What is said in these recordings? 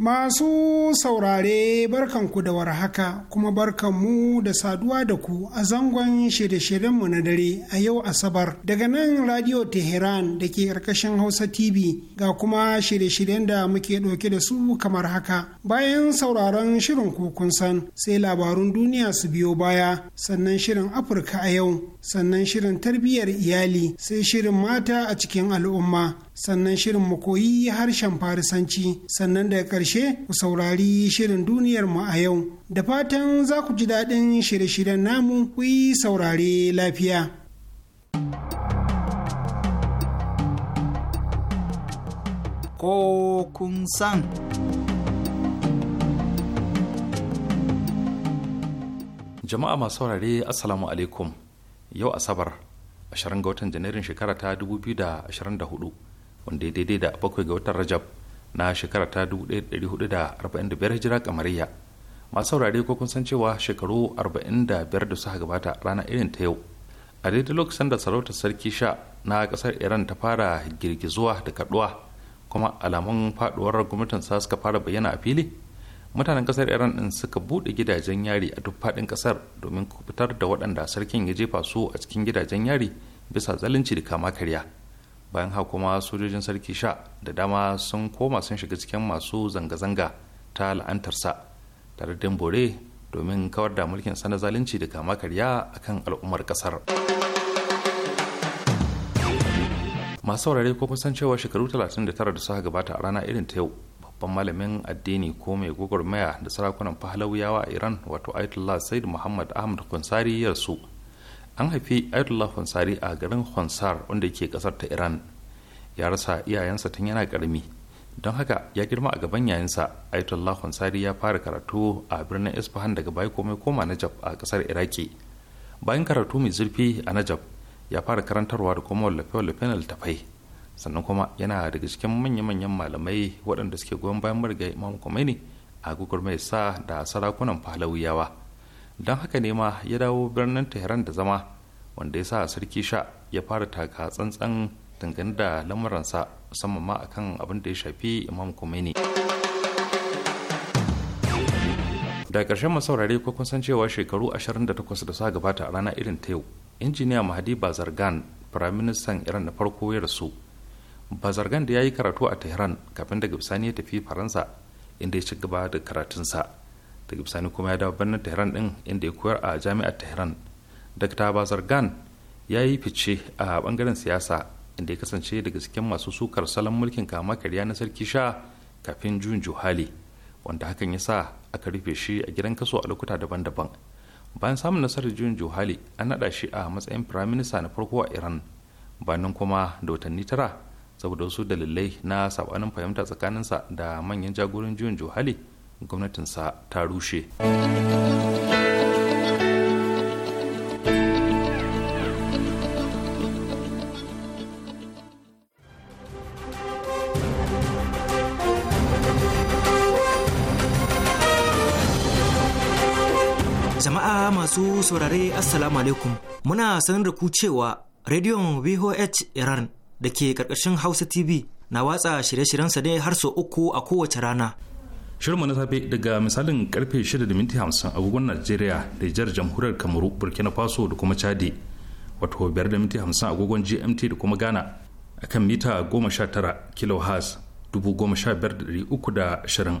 Masu saurare barkan ku da warhaka kuma barkan mu da saduwa da ku a zangon shirye-shiryenmu na dare a yau Asabar daga nan Radio Tehran da ke ƙarƙashin Hausa TV ga kuma shirye-shiryen da muke ɗauke da su kamar haka. Bayan sauraron shirin kukunsan san sai labarun duniya su biyo baya sannan shirin Afirka a yau sannan shirin tarbiyyar iyali sai shirin mata a cikin al'umma sannan shirin mu koyi harshen farisanci sannan daga ƙarshe ku saurari shirin duniyar mu a yau da fatan za ku ji daɗin shirye-shiryen namu ku yi saurare lafiya ko kun san jama'a masu saurare assalamu alaikum yau asabar 20 ga watan janairun shekara ta 2024 wanda ya daidai da bakwai ga watan rajab na shekara ta 1445 hijira kamariya masu saurare ko kun san cewa shekaru 45 da suka gabata rana irin ta yau a daidai lokacin da sarautar sarki sha na kasar iran ta fara girgizuwa da kaduwa kuma alamun faduwar gwamnatin sa suka fara bayyana a fili mutanen kasar iran din suka buɗe gidajen yari a duk faɗin kasar domin fitar da waɗanda sarkin ya jefa su a cikin gidajen yari bisa zalunci da kama karya bayan haka kuma sojojin sarki sha da dama sun koma sun shiga cikin masu zanga-zanga ta la'antarsa tare da bore domin kawar da mulkin sana zalunci da kama karya a kan al'ummar kasar masu saurari ko kusan cewa shekaru 39 da suka gabata a rana irin ta yau babban malamin addini ko mai gwagwarmaya da sarakunan fahalawiyawa a iran wato ayatollah said muhammad ahmad kunsari ya rasu an haifi ayatollah hansari a garin khonsar wanda ke kasar ta iran ya rasa iyayensa tun yana karami don haka ya girma a gaban yayinsa ayatollah hansari ya fara karatu a birnin isfahan daga baya komai koma najab a kasar iraki bayan karatu mai zurfi a najab ya fara karantarwa da kuma wallafe-wallafe na littafai sannan kuma yana daga cikin manya-manyan malamai waɗanda suke goyon bayan marigayi imam khomeini a mai sa da sarakunan pahlawiyawa don haka ne ma ya dawo birnin tehran da zama wanda ya sa sarki sha ya fara taka tsantsan dangane da lamuransa musamman ma akan abin da ya shafi imam Khomeini. da ƙarshen masaurare ko kun san cewa shekaru 28 da suka gabata a rana irin ta yau injiniya mahadi bazargan firaministan iran na farko ya rasu bazargan da ya yi karatu a tehran kafin daga bisani ya tafi faransa inda ya ci gaba da karatunsa daga bisani kuma ya dawo birnin tehran din inda ya koyar a jami'ar tehran dr gan ya yi fice a bangaren siyasa inda ya kasance daga cikin masu sukar salon mulkin kama karya na sarki sha kafin juyin juhali wanda hakan ya sa aka rufe shi a gidan kaso a lokuta daban-daban bayan samun nasarar juyin juhali an naɗa shi a matsayin firaminista na farko a iran bayan kuma da watanni tara saboda wasu dalilai na sabanin fahimta tsakaninsa da manyan jagoran jun juhali gwamnatinsa ta rushe Jama'a masu saurare Assalamu alaikum muna sanar da ku cewa rediyon VOH Iran da ke karkashin Hausa TV na watsa shirye-shiryensa ne har sau uku a kowace rana. Shirma na safe daga misalin karfe 6:50 gugun Najeriya da jihar jamhuriyar Kamaru, Burkina Faso da kuma Chadi, wato 5:50 gugun GMT da kuma Ghana akan mita 19 kHz 15320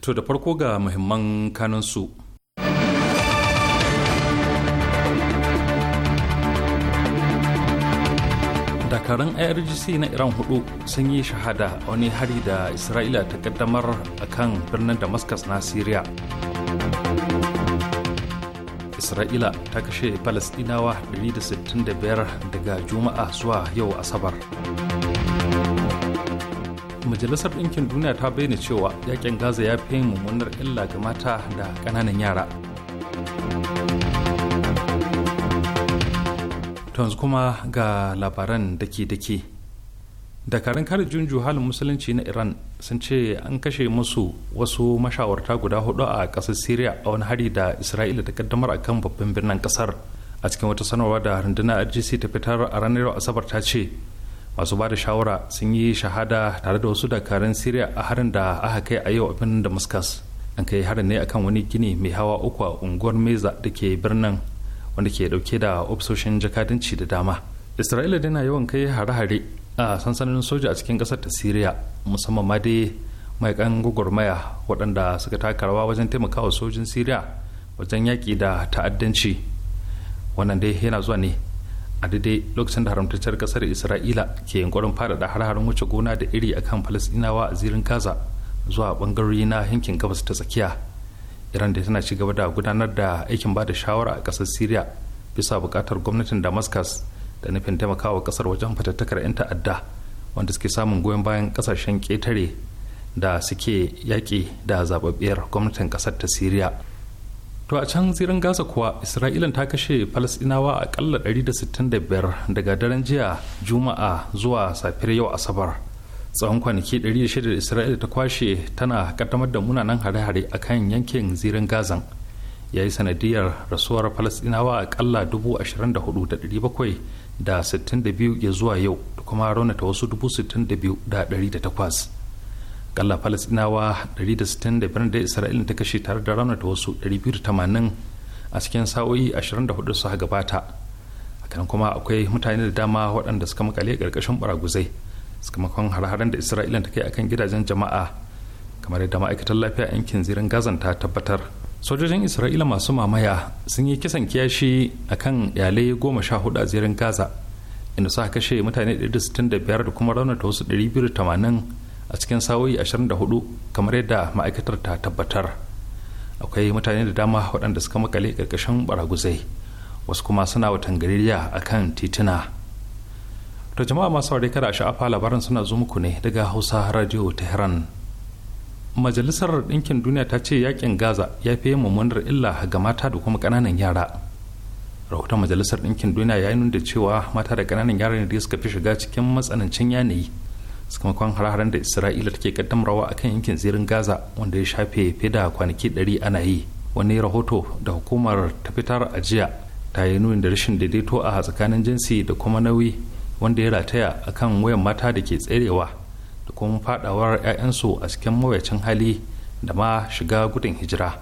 To da farko ga muhimman kanansu Dakarun IRGC na Iran hudu sun yi shahada wani hari da Isra'ila ta kaddamar a kan birnin Damascus na Siriya. Isra'ila ta kashe Falasɗinawa 165 daga Juma'a zuwa yau Asabar. majalisar ɗinkin duniya ta bayyana cewa yakin gaza ya fi mummunar illa ga mata da ƙananan yara yanzu kuma ga labaran dake-dake dakarun kare junju halin musulunci na iran sun ce an kashe musu wasu mashawarta guda hudu a ƙasar syria a wani hari da isra'ila ta kaddamar akan babban birnin ƙasar a cikin wata sanarwa da rundunar rgc ta fitar a ranar asabar ta ce masu ba da shawara sun yi shahada tare da wasu dakarun siriya a harin da aka kai a yau a birnin damascus an kai harin ne akan wani gini mai hawa uku a unguwar meza da ke birnin wanda ke dauke da ofisoshin jakadanci da dama isra'ila dana yawan kai hare-hare a sansanonin soja a cikin kasar ta siriya musamman ma dai maikan gwagwarmaya waɗanda suka taka rawa wajen taimakawa sojin siriya wajen yaƙi da ta'addanci wannan dai yana zuwa ne a daidai lokacin da haramtacciyar kasar isra'ila ke yankurin faɗaɗa har-harin wuce gona da iri akan falasɗinawa a zirin gaza zuwa bangarori na yankin gabas ta tsakiya iran da tana ci gaba da gudanar da aikin ba da shawara a ƙasar syria bisa bukatar gwamnatin damascus da nufin taimakawa ƙasar wajen fatattakar 'yan ta'adda wanda suke samun goyon bayan ƙasashen ketare da suke yaƙi da zababbiyar gwamnatin ƙasar ta syria to a can zirin gaza kuwa isra'ila ta kashe falasɗinawa akalla 165 daga daren jiya juma'a zuwa safiyar yau asabar tsawon kwanaki 106 isra'ila ta kwashe tana kaddamar da munanan hare-hare a kan yankin zirin gazan ya yi sanadiyar rasuwar falasɗinawa akalla 24,762 ya zuwa yau da kuma raunata wasu 62,800 kalla falasɗinawa 165 da isra'ilin ta kashe tare da raunata wasu 280 a cikin sa'o'i 24 suka gabata hakan kuma akwai mutane da dama waɗanda suka makale ƙarƙashin baraguzai sakamakon har-haren da isra'ilin ta kai akan gidajen jama'a kamar yadda ma'aikatar lafiya yankin zirin gazan ta tabbatar sojojin isra'ila masu mamaya sun yi kisan kiyashi a kan iyalai goma sha hudu a zirin gaza inda suka kashe mutane 165 da kuma raunata wasu 280 a cikin sa'o'i 24 kamar yadda ma'aikatar ta tabbatar akwai mutane da dama waɗanda suka makale ƙarƙashin baraguzai wasu kuma suna watan gariya a kan titina. to jama'a masu ware kada sha'afa labaran suna zo muku ne daga hausa radio tehran majalisar ɗinkin duniya ta ce yakin gaza ya fi mummunar illa ga mata da kuma ƙananan yara rahoton majalisar ɗinkin duniya ya nuna da cewa mata da ƙananan yara ne da suka fi shiga cikin matsanancin yanayi sakamakon hare-haren da isra'ila take kaddamarwa a kan yankin zirin gaza wanda ya shafe fiye da kwanaki ɗari ana yi wani rahoto da hukumar ta fitar a jiya ta yi nuni da rashin daidaito a tsakanin jinsi da kuma nauyi wanda ya rataya a kan wayan mata da ke tserewa da kuma fadawar 'ya'yansu a cikin mawuyacin hali da ma shiga gudun hijira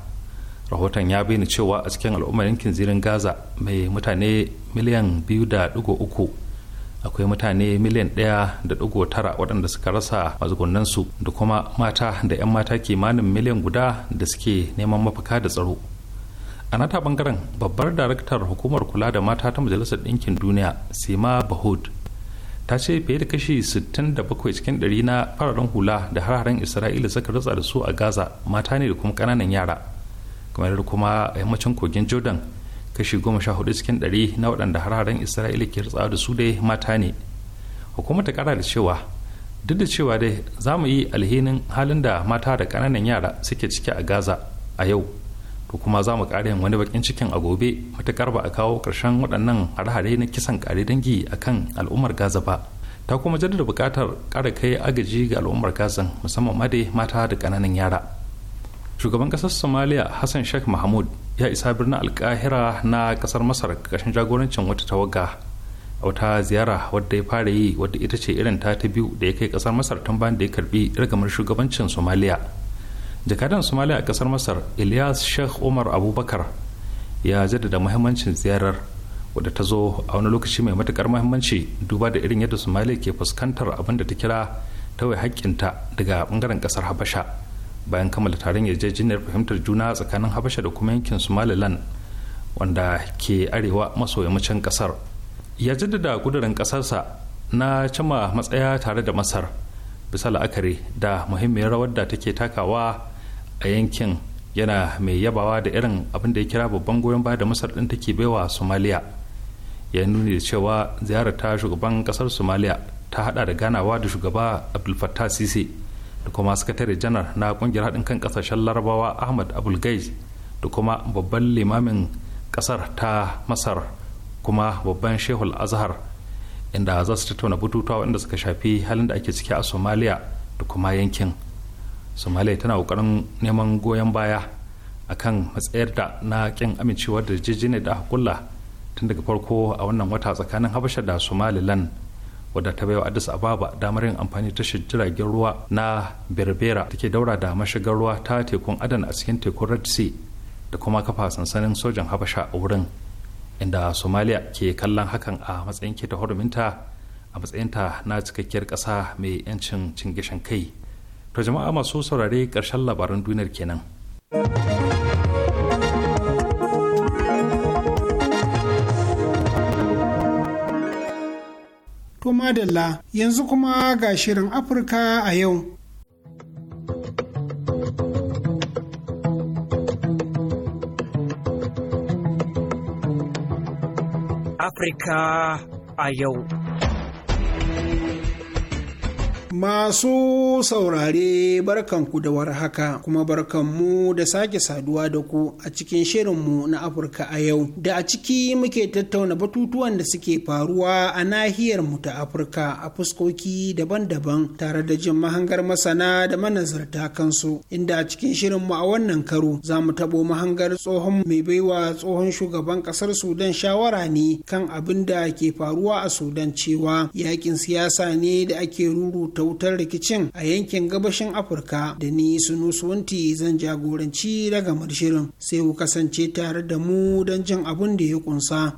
rahoton ya bayyana cewa a cikin al'ummar yankin zirin gaza mai mutane miliyan biyu da uku akwai mutane miliyan ɗaya da ɗigo tara waɗanda suka rasa su da kuma mata da 'yan mata kimanin miliyan guda da suke neman mafaka da tsaro a nata bangaren babbar daraktar hukumar kula da mata ta majalisar ɗinkin duniya sima bahud ta ce fiye da kashi 67 cikin ɗari na fararen hula da hararen isra'ila suka rutsa da su a gaza mata ne da kuma ƙananan yara kamar kuma a yammacin kogin jordan kashi goma sha hudu cikin ɗari na waɗanda hararen isra'ila ke ritsawa da su dai mata ne hukumar ta kara da cewa duk da cewa dai za mu yi alhinin halin da mata da ƙananan yara suke ciki a gaza a yau to kuma za mu ƙara wani bakin cikin a gobe matuƙar ba a kawo ƙarshen waɗannan hare-hare na kisan ƙare dangi akan al'ummar gaza ba ta kuma jaddada buƙatar ƙara kai agaji ga al'ummar gazan musamman ma dai mata da ƙananan yara shugaban ƙasar somaliya hassan sheikh mahmud ya isa birnin alkahira na kasar masar kashin jagorancin wata tawaga a wata ziyara wadda ya fara yi wadda ita ce irin ta ta biyu da ya kai kasar masar tun bayan da ya karbi rigamar shugabancin somaliya jakadan somaliya a kasar masar ilyas sheikh umar abubakar ya jaddada muhimmancin ziyarar wadda ta zo a wani lokaci mai matukar muhimmanci duba da irin yadda somaliya ke fuskantar abin da ta kira tawai haƙƙinta daga bangaren kasar habasha bayan kammala taron yarjejeniyar fahimtar juna tsakanin habasha da kuma yankin somaliland wanda ke arewa maso yammacin kasar ya jaddada kudurin kasarsa na cima matsaya tare da masar bisa la'akari da muhimmiyar rawar da take takawa a yankin yana mai yabawa da irin abin da ya kira babban goyon baya da masar ɗin take baiwa somaliya ya nuni da cewa ziyarar ta shugaban kasar somaliya ta hada da ganawa da shugaba abdulfatta sisi da kuma sakatare janar na kungiyar haɗin kan ƙasashen larabawa ahmad abulgais da kuma babban limamin ƙasar ta masar kuma babban shehul azhar inda za su tattauna bututuwa wanda suka shafi halin da ake ciki a somaliya da kuma yankin somaliya tana ƙoƙarin neman goyon baya akan matsayar da na ƙin amincewa da jijjini da hakulla tun daga farko a wannan wata tsakanin habasha da somaliland wadda ta baiwa addis ababa damar yin amfani tashar jiragen ruwa na berbera da ke daura da mashigar ruwa ta tekun adana a cikin tekun red sea da kuma kafa sansanin sojan habasha a wurin inda somalia ke kallon hakan a matsayin keta huruminta a matsayinta na cikakkiyar ƙasa mai 'yancin cin gishin kai to jama'a masu saurare karshen labaran duniyar kenan. da madalla yanzu kuma ga shirin Afirka a yau. Afirka a yau. Masu saurare barkanku da haka, kuma barkanmu da sake saduwa da ku a cikin shirinmu na Afirka a yau da a ciki muke tattauna batutuwan da suke faruwa a nahiyar mu ta Afirka a fuskoki daban-daban tare da jin mahangar masana da manazarta kansu inda a cikin shirinmu a wannan karo za mu tabo mahangar tsohon mai baiwa tsohon shugaban kasar Sudan shawara ne kan abin da ke faruwa a Sudan cewa yakin siyasa ne da ake ruruta wutar rikicin a yankin gabashin afirka da ni sunusuwanti zan jagoranci daga marshirin sai ku kasance tare da mu don jin abun da ya kunsa.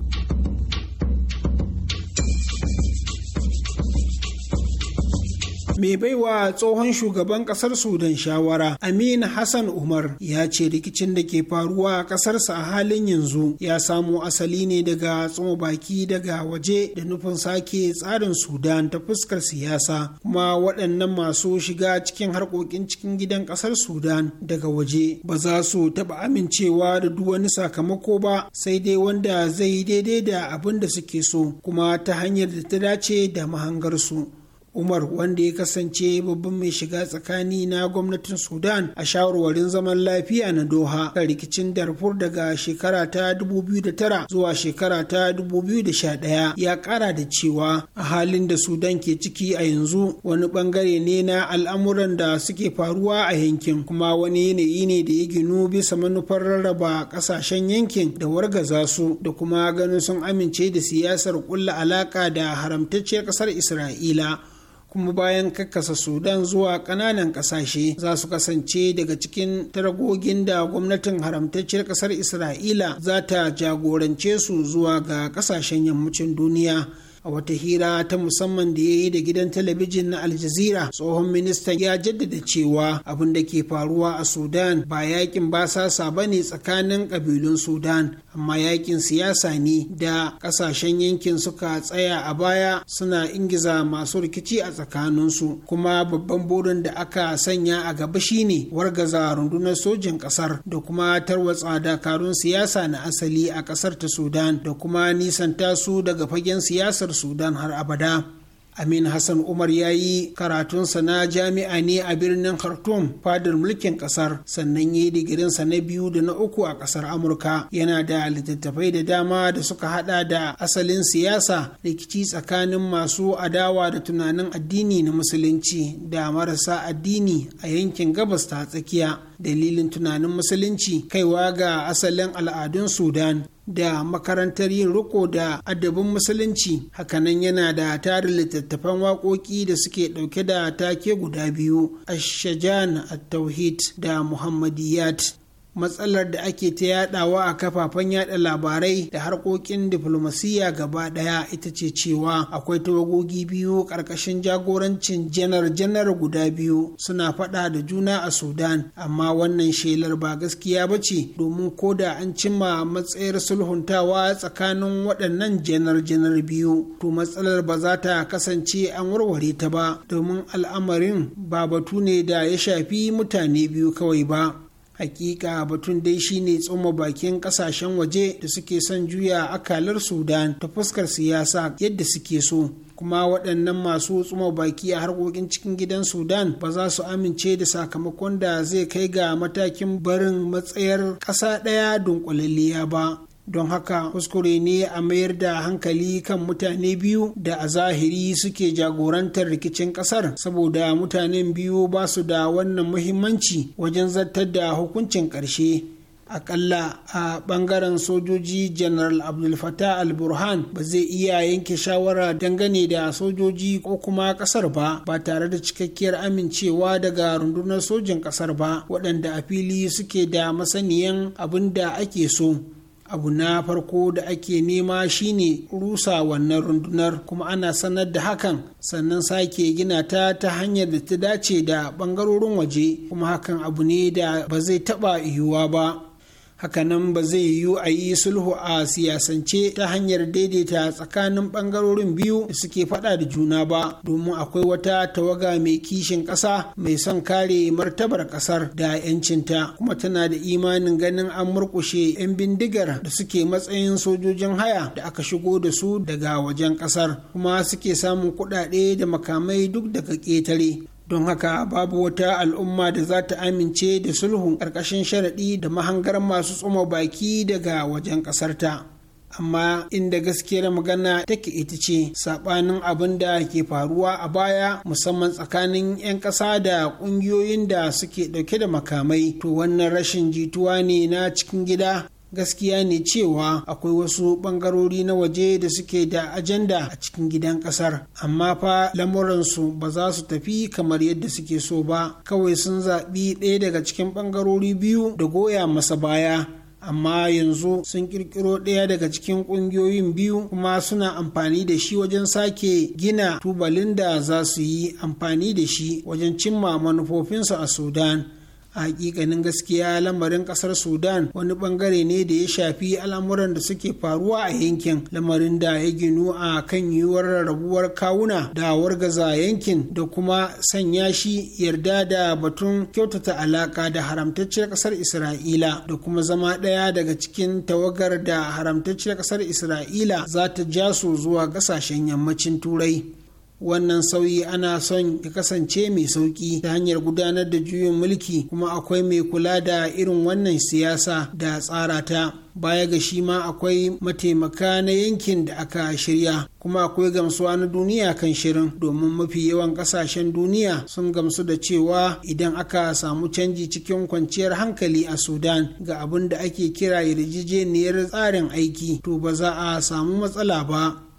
mai baiwa tsohon shugaban kasar sudan shawara amin hassan umar ya ce rikicin da ke faruwa a kasarsa a halin yanzu ya samo asali ne daga tsoma baki daga waje da nufin sake tsarin sudan ta fuskar siyasa kuma waɗannan masu shiga cikin harkokin cikin gidan kasar sudan daga waje ba za su taɓa amincewa da duk wani sakamako ba sai dai wanda zai daidai da abin da suke so kuma ta hanyar da ta dace da mahangarsu. Umar wanda ya kasance babban mai shiga tsakani na gwamnatin Sudan a shawarwarin zaman lafiya na Doha kan rikicin Darfur daga shekara ta 2009 zuwa shekara ta 2011 ya kara da cewa a halin da Sudan ke ciki a yanzu wani bangare ne na al'amuran da suke faruwa a yankin kuma wani yanayi ne da ya ginu bisa manufar rarraba kasashen yankin da wargaza su da kuma ganin sun amince da siyasar kulla alaka da haramtacciyar kasar Isra'ila. kuma bayan kakkasa sudan zuwa ƙananan ƙasashe za su kasance daga cikin taragogin da gwamnatin haramtacciyar ƙasar isra'ila za ta jagorance su zuwa ga ƙasashen yammacin duniya a wata hira ta musamman da ya yi da gidan talabijin na aljazira tsohon ministan ya jaddada cewa abin da ke faruwa a sudan ba yakin basasa ba ne tsakanin kabilun sudan amma yakin siyasa ne da kasashen yankin suka tsaya a baya suna ingiza masu rikici a tsakaninsu kuma babban burin da aka sanya a gaba shine wargaza rundunar sojin kasar da kuma tarwatsa dakarun siyasa na asali a kasar ta sudan da kuma nisanta su daga fagen siyasar kasar sudan har abada Amin Hassan Umar ya yi karatunsa na jami'a ne a birnin Khartoum fadar mulkin kasar sannan ya yi digirinsa na biyu da na uku a kasar Amurka yana da littattafai da dama da suka hada da asalin siyasa rikici tsakanin masu adawa da tunanin addini na musulunci da marasa addini a yankin gabas ta tsakiya. dalilin tunanin musulunci kaiwa ga asalin al'adun sudan da makarantar yin riko da adabin musulunci hakanan yana da tarin littattafan waƙoƙi da suke ɗauke da take guda biyu ashajan at-tauhid da muhammadiyat matsalar da ake ta yadawa a kafafen yada labarai da harkokin diflomasiyya gaba daya ita ce cewa akwai tawagogi biyu karkashin jagorancin janar janar guda biyu suna fada da juna a sudan amma wannan shelar ba gaskiya ba ce domin da an cimma matsayar sulhuntawa tsakanin waɗannan janar janar biyu to matsalar ba za ta kasance an warware ta ba domin al'amarin ba batu ne da ya shafi mutane biyu kawai ba hakika batun dai shine tsoma bakin kasashen waje da suke son juya akalar sudan ta fuskar siyasa yadda suke so kuma waɗannan masu tsuma baki a harkokin cikin gidan sudan ba za su amince da sakamakon da zai kai ga matakin barin matsayar ƙasa ɗaya dunkulalliya ba don haka kuskure ne a mayar da hankali kan mutane biyu da a zahiri suke jagorantar rikicin kasar saboda mutanen biyu ba su da wannan muhimmanci wajen zartar da hukuncin karshe akalla a bangaren sojoji general abdul fatah al-burhan ba zai iya yanke shawara dangane da sojoji ko kuma kasar ba ba tare da cikakkiyar amincewa daga rundunar sojin kasar ba waɗanda a fili suke da masaniyan abin da ake so abu na farko da ake nema shine rusa wannan rundunar kuma ana sanar da hakan sannan sake gina ta ta hanyar da ta dace da bangarorin waje kuma hakan abu ne da ba zai taba yiwuwa ba hakanan ba zai yiwu a yi sulhu a siyasance ta hanyar daidaita tsakanin bangarorin biyu da suke fada da juna ba domin akwai wata tawaga mai kishin ƙasa mai son kare martabar ƙasar da 'yancinta kuma tana da imanin ganin an murkushe 'yan bindigar da suke matsayin sojojin haya da aka shigo da su daga wajen ƙasar kuma suke samun kuɗaɗe da makamai duk daga ƙetare don haka babu wata al'umma da za ta amince da sulhun ƙarƙashin sharaɗi da mahangar masu tsuma baki daga wajen ƙasarta amma inda gaskiyar magana take ita ce saɓanin abin da ke faruwa a baya musamman tsakanin 'yan ƙasa da ƙungiyoyin da suke ɗauke da makamai to wannan rashin jituwa ne na cikin gida gaskiya ne cewa akwai wasu bangarori na waje da suke da ajanda a cikin gidan kasar amma fa lamuransu ba za su tafi kamar yadda suke so ba kawai sun zaɓi ɗaya daga cikin bangarori biyu da goya masa baya amma yanzu sun kirkiro ɗaya daga cikin ƙungiyoyin biyu kuma suna amfani da shi wajen sake gina tubalin da za su yi amfani da shi wajen cimma manufofinsu a sudan a hakikanin gaskiya lamarin kasar sudan wani bangare ne da ya shafi al'amuran da suke faruwa a yankin lamarin da ya ginu a kan yiwuwar rabuwar kawuna da wargaza yankin da kuma sanya shi yarda da batun kyautata alaka da haramtacciyar kasar isra'ila da kuma zama ɗaya daga cikin tawagar da haramtacciyar kasar isra'ila za ta ja su zuwa ƙasashen yammacin turai wannan sauyi ana son ya kasance mai sauki ta hanyar gudanar da juyin mulki kuma akwai mai kula da irin wannan siyasa da tsara ta baya ga shi ma akwai mataimaka na yankin da aka shirya kuma akwai gamsuwa na duniya kan shirin domin mafi yawan kasashen duniya sun gamsu da cewa idan aka samu canji cikin kwanciyar hankali a sudan ga abin da ake kira yarjejeniyar tsarin aiki to ba za a samu matsala ba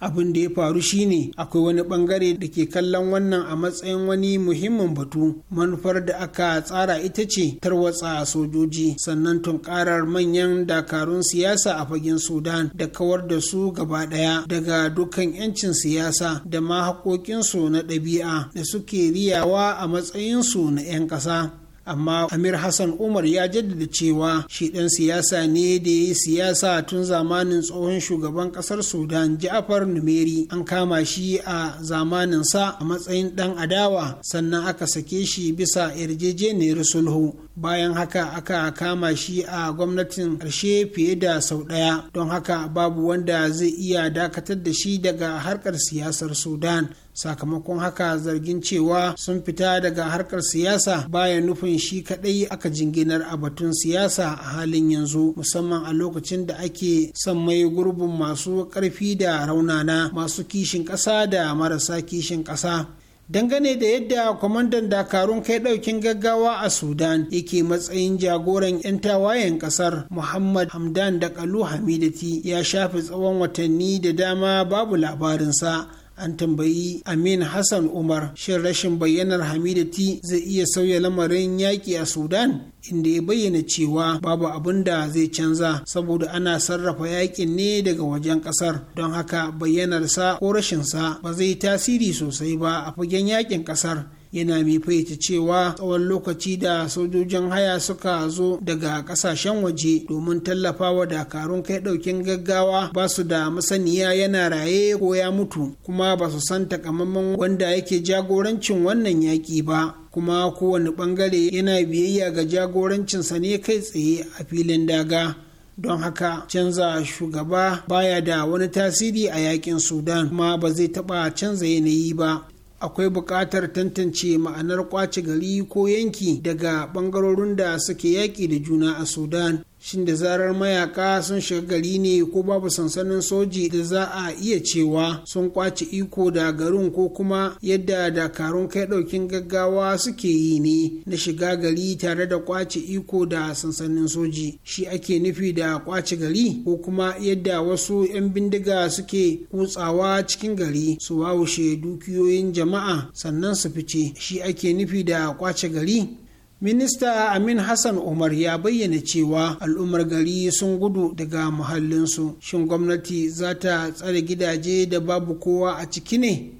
abin da ya faru shine akwai wani bangare da ke kallon wannan a matsayin wani muhimmin batu manufar da aka tsara ita ce tarwatsa a sojoji sannan tunkarar manyan dakarun siyasa a fagen sudan da kawar da su gaba daya daga dukkan yancin siyasa da ma haƙoƙinsu na ɗabi'a da suke riyawa a matsayinsu na 'yan ƙasa amma amir hassan umar ya jaddada cewa shi ɗan siyasa ne da ya yi siyasa tun zamanin tsohon shugaban kasar sudan ja'afar numeri an kama shi a zamanin sa a matsayin dan adawa sannan aka sake shi bisa yarjejeniyar sulhu bayan haka aka kama shi a gwamnatin ƙarshe fiye da sau ɗaya don haka babu wanda zai iya dakatar da shi daga harkar siyasar sudan sakamakon haka zargin cewa sun fita daga harkar siyasa baya nufin shi kadai aka jinginar a batun siyasa a halin yanzu musamman a lokacin da ake son mai gurbin masu karfi da raunana masu kishin ƙasa da marasa kishin ƙasa dangane da yadda kwamandan dakarun kai daukin gaggawa a sudan yake matsayin jagoran 'yan tawayen kasar muhammad hamdan da kalu hamidati ya shafe tsawon watanni da dama babu labarinsa an tambayi amin hassan umar shin rashin bayyanar hamidati zai iya sauya lamarin yaƙi a sudan inda ya bayyana cewa babu abin da zai canza saboda ana sarrafa yaƙin ne daga wajen ƙasar don haka bayyanarsa ko rashinsa ba zai tasiri sosai ba a fagen yaƙin ƙasar yana mai fahimta cewa tsawon lokaci da sojojin haya suka zo daga kasashen waje domin tallafa wa dakarun kai daukin gaggawa ba su da masaniya yana raye ko ya mutu kuma ba su san takamaiman wanda yake jagorancin wannan yaƙi ba kuma kowane bangare yana biyayya ga jagorancinsa ne kai tsaye a filin daga don haka canza shugaba baya da wani tasiri a yakin sudan kuma ba zai taɓa canza yanayi ba akwai buƙatar tantance ma'anar kwace gari ko yanki daga ɓangarorin da suke yaƙi da juna a sudan shin da zarar mayaka sun shiga gari ne ko babu sansanin soji da za a iya cewa sun kwace iko da garin ko kuma yadda dakarun kai ɗaukin gaggawa suke yi ne na shiga gari tare da kwace iko da sansanin soji shi ake nufi da kwace gari ko kuma yadda wasu 'yan bindiga suke kutsawa cikin gari su wawushe dukiyoyin jama'a sannan su fice shi ake nufi da kwace gari Minista Amin Hassan Umar ya bayyana cewa al'ummar gari sun gudu daga muhallinsu. Shin gwamnati za ta tsare gidaje da babu kowa a ciki ne?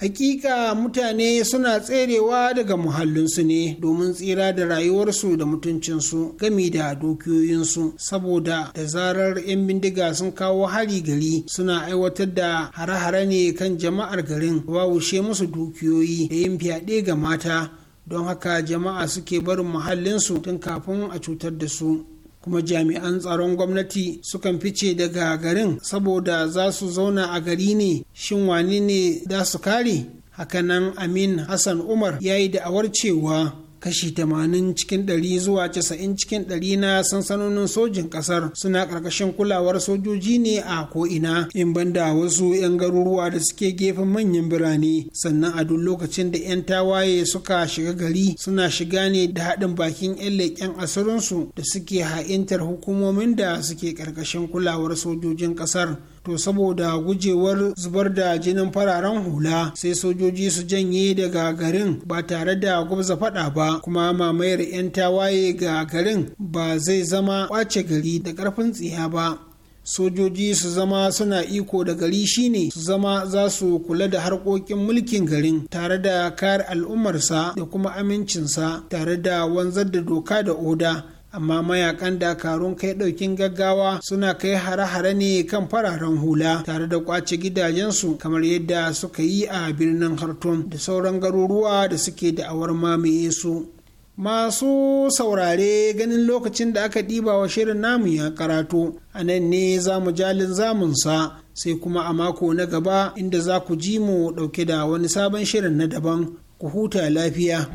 Hakika mutane suna tserewa daga muhallinsu ne domin tsira da rayuwarsu da mutuncinsu gami da dukiyoyinsu. saboda da zarar 'yan bindiga sun kawo hari gari suna aiwatar da hare-hare ne kan jama'ar garin wawushe musu dukiyoyi da yin fyaɗe ga mata. don haka jama'a suke barin muhallinsu tun kafin a cutar da su kuma jami'an tsaron gwamnati sukan fice daga garin saboda za su zauna a gari ne shin wani ne za su kare hakanan amin hassan umar ya yi da'awar cewa kashi 80 cikin 100 zuwa 90 cikin 100 na sansanonin sojin kasar suna karkashin kulawar sojoji ne a ko'ina in banda wasu 'yan garuruwa da suke gefen manyan birane sannan a duk lokacin da 'yan tawaye suka shiga gari suna shiga ne da haɗin bakin 'yan leƙen asirinsu da suke ha'intar hukumomin da suke karkashin kulawar sojojin kasar to saboda gujewar zubar da jinin fararen hula sai sojoji su janye daga garin ba tare da gwabza faɗa ba kuma mamayar 'yan tawaye ga garin ba zai zama ƙwace gari da karfin tsiya ba sojoji su zama suna iko da gari shine su zama za su kula da harkokin mulkin garin tare da kare al'ummarsa da kuma amincinsa tare da wanzar da doka da oda amma mayakan dakarun kai daukin gaggawa suna kai hare-hare ne kan fararen hula tare da kwace gidajensu kamar yadda suka yi a birnin Khartoum da sauran garuruwa da suke da awar mamaye su. Masu saurare ganin lokacin da aka ɗiba wa shirin namu ya karatu, a nan ne za mu jalin zamunsa sai kuma a mako na gaba inda za ku ji mu ɗauke da wani sabon shirin na daban, ku huta lafiya.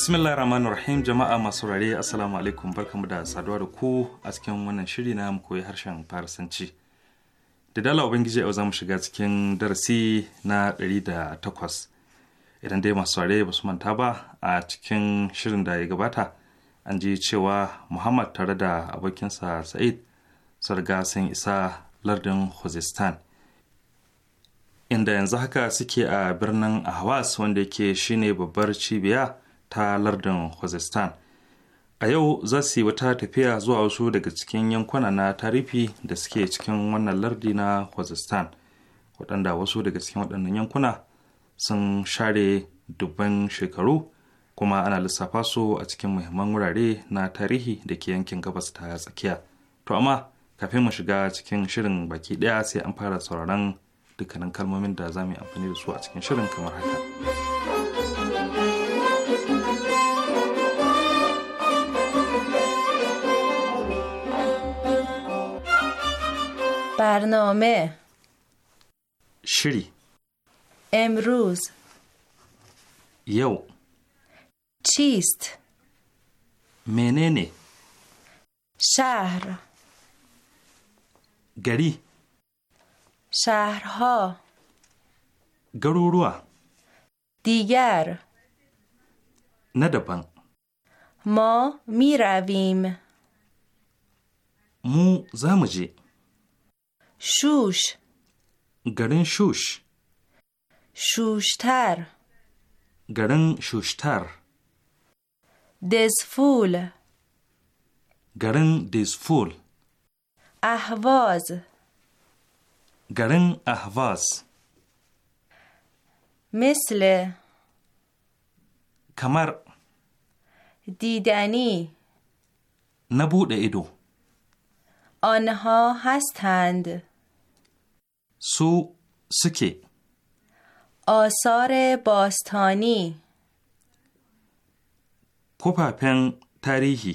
bismillah rahman rahim jama'a masu rare assalamu alaikum barkamu da saduwa da ku a cikin wannan shiri na mu koyi harshen farisanci da dala ubangiji yau za mu shiga cikin darasi na ɗari da takwas idan dai masu rare ba su manta ba a cikin shirin da ya gabata an ji cewa muhammad tare da abokinsa sa'id sarga sun isa lardin khuzestan inda yanzu haka suke a birnin ahwas wanda yake shine babbar cibiya ta lardin Khuzestan. A yau za su yi wata tafiya zuwa wasu daga cikin yankuna na tarifi da suke cikin wannan lardi na Khuzestan, waɗanda wasu daga cikin waɗannan yankuna sun share dubban shekaru kuma ana lissafa su a cikin muhimman wurare na tarihi da ke yankin gabas ta tsakiya. To amma kafin mu shiga cikin shirin baki ɗaya sai an fara sauraron dukkanin kalmomin da za mu yi amfani da su a cikin shirin kamar haka. برنامه شری امروز یو چیست مننه شهر گری شهرها گروروا دیگر ندبن ما می رویم مو زمجی شوش گرن شوش شوشتر گرن شوشتر دزفول گرن دزفول احواز گرن احواز مثل کمر دیدنی نبود ایدو آنها هستند سو سکی آثار باستانی کپاپن تاریخی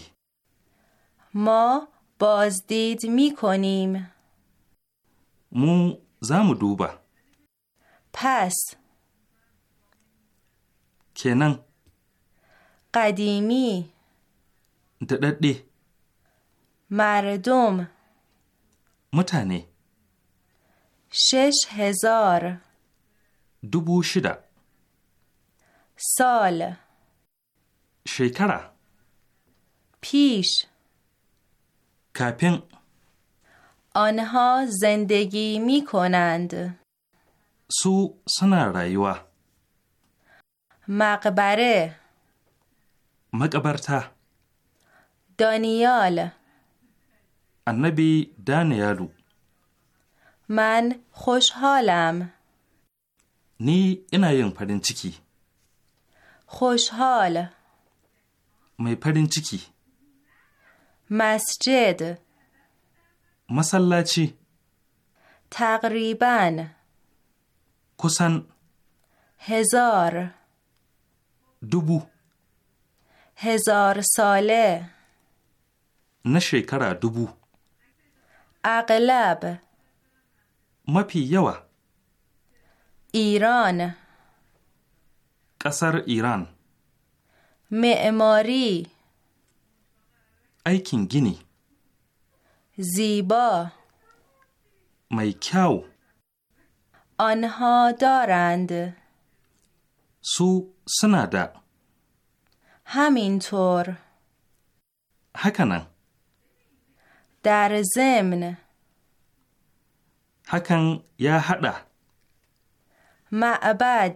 ما بازدید می کنیم مو زم دوبا پس کنن قدیمی دردی مردم متنی شش هزار دوبو شده سال شکره پیش کپین آنها زندگی می کنند سو سنا مقبره مقبرته دانیال النبی دانیالو من خوشحالم نی اینا ین فرین چیکی خوشحال می فرین چیکی مسجد مسلاچی تقریبا کسن هزار دوبو هزار ساله na shekara dubu. Aglab مپی یوا ایران قصر ایران معماری ایکین گینی زیبا میکاو آنها دارند سو سنادا همینطور هکنن در ضمن hakan ya haɗa ma'abad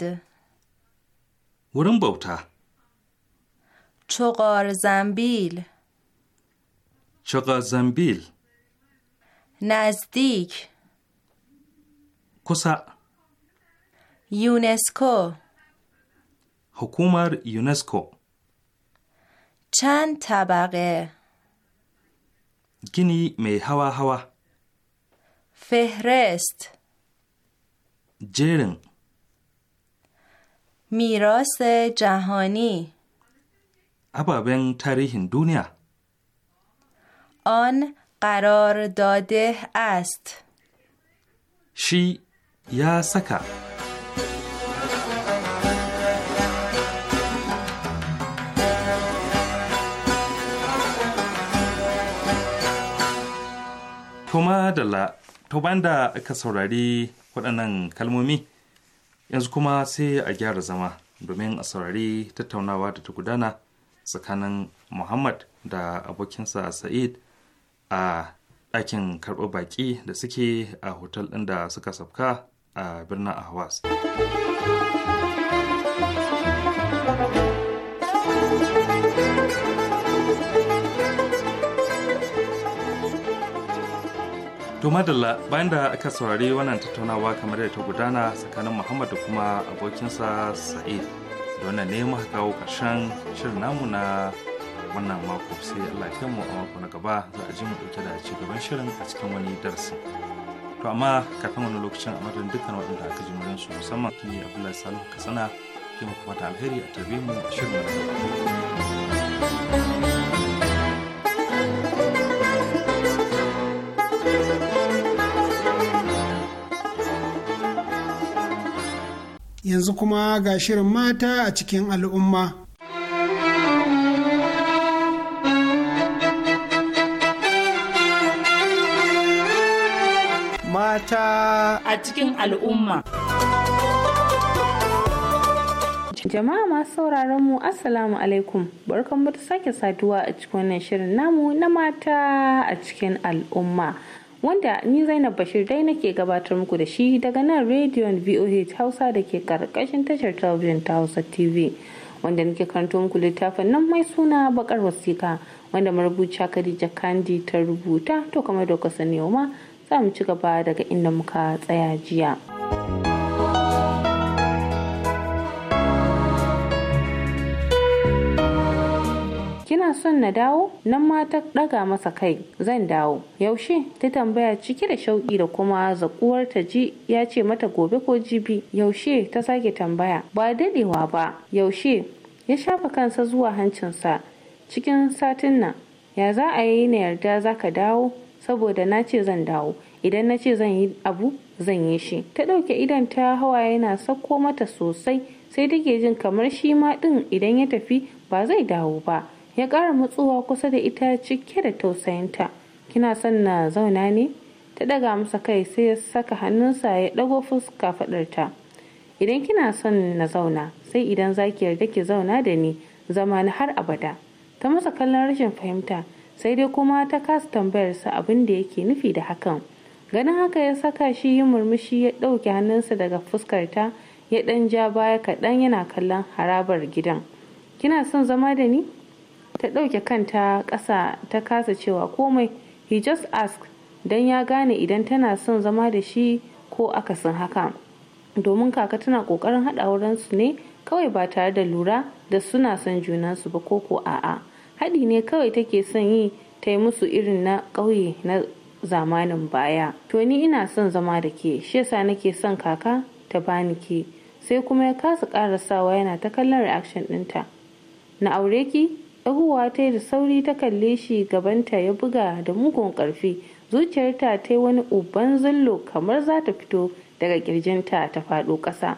wurin bauta chogar zambil chogar kusa unesco hukumar unesco chan tabaghe gini mai hawa-hawa فهرست جرن میراس جهانی ابابن تاریخ دنیا آن قرار داده است شی یا سکا to banda da aka saurari waɗannan kalmomi yanzu kuma sai a gyara zama domin a saurari tattaunawa da ta gudana tsakanin muhammad da abokinsa sa'id a ɗakin karɓar baƙi da suke a hotel ɗin da suka sabka a birnin ahwas thank To madalla bayan da aka saurari wannan tattaunawa kamar da ta gudana tsakanin Muhammad da kuma abokinsa Sa'id. don na ne muka kawo ƙarshen shirin namu na wannan mako sai Allah ya mu a mako na gaba za a ji mu dauke da ci gaban shirin a cikin wani darasi. To amma kafin wani lokacin a madadin dukkan waɗanda aka ji murin su musamman ki Abdullahi Salihu Katsina ki kuma ta alheri a tarbe mu a shirin na gaba. yanzu kuma ga shirin mata a cikin al'umma. Mata a cikin al'umma. Jama'a masu sauraron mu Assalamu alaikum barkan mu sake saduwa a cikin wannan shirin namu na mata a cikin al'umma. wanda ni zainab bashir dai nake gabatar muku da shi daga nan rediyon voh hausa da ke karkashin tashar talabijin ta hausa tv wanda nake karanto muku littafin nan mai suna bakar wasika wanda marubuciya khadija kandi ta rubuta to kamar da kuka sani ma za mu ci gaba daga inda muka tsaya jiya. son na dawo nan ma ta daga masa kai zan dawo yaushe ta tambaya ciki da shauki da kuma zakuwar ta ji ya ce mata gobe ko jibi yaushe ta sake tambaya ba daɗewa ba yaushe ya shafa kansa zuwa hancinsa cikin satin nan ya za a yi na yarda za ka dawo saboda na ce zan dawo idan na ce zan yi abu zan yi shi ta ɗauke idan ta hawa yana sauko mata sosai sai take jin kamar shi ma ɗin idan ya tafi ba zai dawo ba ya ƙara matsowa kusa da ita cike da tausayinta kina son na zauna ne ta daga masa kai sai ya saka hannunsa ya ɗago fuska faɗarta idan kina son na zauna sai idan za ki yarda ki zauna da ni zama na har abada ta masa kallon rashin fahimta sai dai kuma ta kasa tambayarsa abin da yake nufi da hakan ganin haka ya saka shi yin murmushi ya ɗauke hannunsa daga fuskarta ya ɗan ja baya kaɗan yana kallon harabar gidan kina son zama da ni ta ɗauke kanta ƙasa ta kasa cewa komai he just ask don ya gane idan tana son zama da shi ko akasin haka domin kaka tana ƙoƙarin haɗa su ne kawai ba tare da lura da suna son junansu ba ko ko a'a haɗi ne kawai take son yi ta yi musu irin na ƙauye na zamanin baya to ni ina son zama da ke shi yasa nake son kaka ta bani ke sai kuma ya kasa ƙarasawa yana ta kallon reaction ɗinta na aure ki Tahowa ta da sauri ta kalle shi gabanta ya buga da mugun ƙarfi. Zuciyarta ta yi wani uban zullo kamar za ta fito daga kirjinta ta faɗo ƙasa.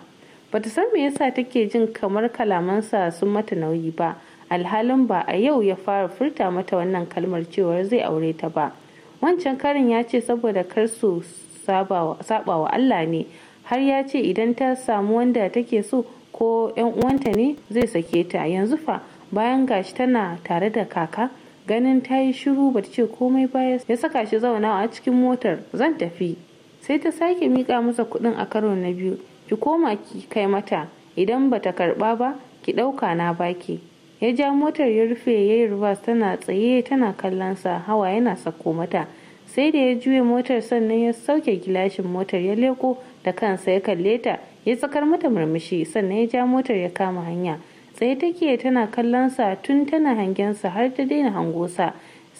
Bata san me yasa take jin kamar kalamansa sun mata nauyi ba. alhalin ba a yau ya fara furta mata wannan kalmar cewar zai aure ta ba wancan karin ya ce saboda kar su saba wa Allah ne har ya ce idan ta samu wanda take so ko yan uwanta ne zai sake ta yanzu fa bayan gashi tana tare da kaka ganin ta yi shiru ba ce komai baya ya saka shi zauna a cikin motar zan tafi sai ta sake mika masa kuɗin a karo na biyu ki koma ki kai mata idan ba ta karɓa ba ki ɗauka na baki ya ja motar ya rufe ya yi rubas tana tsaye tana kallon sa hawa yana sako mata sai da ya juye motar sannan ya sauke gilashin motar ya leko da kansa ya kalle ta ya tsakar mata murmushi sannan ya ja motar ya kama hanya sai take tana kallonsa tun tana hangensa har ta daina hangosa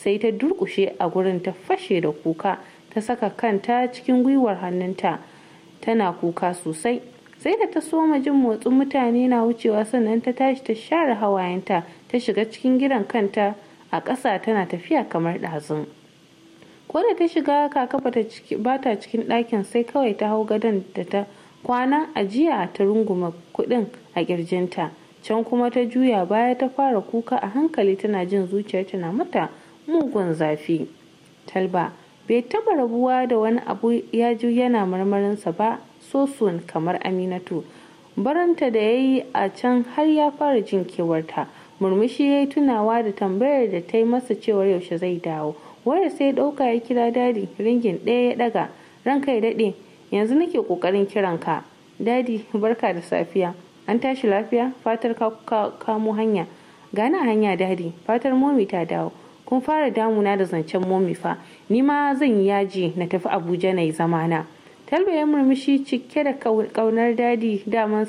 sai ta durkushe a gurin ta fashe da kuka ta saka kanta cikin gwiwar hannunta tana kuka sosai sai da ta soma jin motsin mutane na wucewa sannan ta tashi ta share hawayenta ta shiga cikin gidan kanta a ƙasa tana tafiya kamar ɗazun ko da ta shiga kaka ba ta cikin ɗakin sai kawai ta hau gadon da ta kwana ajiya ta runguma kuɗin a ƙirjinta can kuma ta juya baya ta fara kuka a hankali tana jin zuciyar tana mata mugun zafi talba bai taba rabuwa da wani abu ya ji yana marmarinsa ba sosun kamar aminatu baranta da ya yi a can har ya fara jin kewarta murmushi ya yi tunawa da tambayar da ta yi masa cewar yaushe zai dawo wanda sai ɗauka ya kira dadi ringin ɗaya ya ɗaga ranka ya daɗe yanzu nake ƙoƙarin kiranka dadi barka da safiya an tashi lafiya fatar ka kamo hanya gana hanya dadi fatar momi ta dawo kun fara damuna da zancen momi fa ni ma zan yi yaji na tafi abuja na yi zamana talba ya murmushi cike da kaunar dadi daman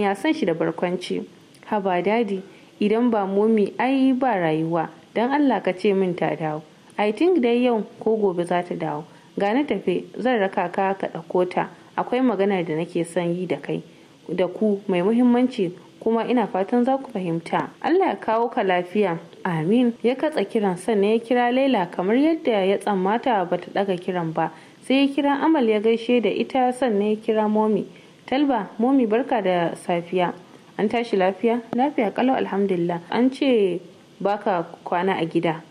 ya san shi da barkwanci haba dadi idan ba momi ai ba rayuwa don allah ka ce min ta dawo i think dai yau ko gobe za ta dawo gani tafe zan raka ka ka ɗauko ta akwai magana da nake son yi da kai da ku mai muhimmanci kuma ina fatan za ku fahimta Allah ya kawo ka lafiya amin ya katsa kiran sannan ya kira laila kamar yadda ya tsammata ba ta daga kiran ba sai ya kira amal ya gaishe da ita sannan ya kira momi talba momi barka da safiya an tashi lafiya lafiya kalau alhamdulillah an ce baka kwana a gida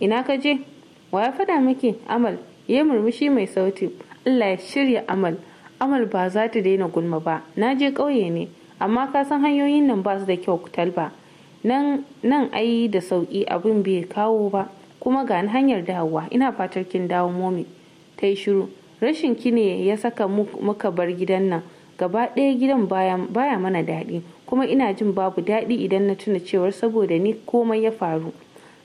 ina ka je wa ya faɗa miki amal ya murmushi mai sauti allah ya shirya amal amal ba za ta daina gulma ba na je ƙauye ne amma ka san hanyoyin nan ba su da kyau kutal ba nan nan ai da sauƙi abin bai kawo ba kuma ga hanyar dawowa ina fatar kin dawo momi ta yi shiru rashin ki ne ya saka muka bar gidan nan gaba ɗaya gidan baya mana daɗi kuma ina jin babu daɗi idan na tuna cewar saboda ni komai ya faru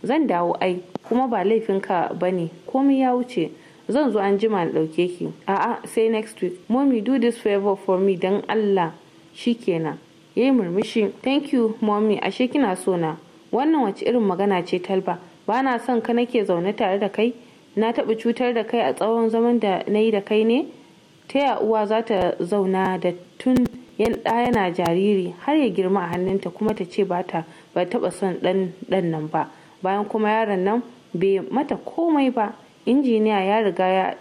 zan dawo ai kuma ba laifinka ba ne komai ya wuce zan zo an jima na ɗauke ki a'a sai next week mommy do this favor for me dan allah shikenan yayi murmushi thank you mommy ashe kina so na wannan wace irin magana ce talba ba na son ka nake zaune tare da kai na taɓa cutar da kai a tsawon zaman da na yi da kai ne ta ya uwa za ta zauna da tun yan ɗa yana jariri har ya girma a hannunta kuma ta ce ba ta ba taɓa son ɗan nan ba bayan kuma yaron nan bai mata komai ba injiniya ya riga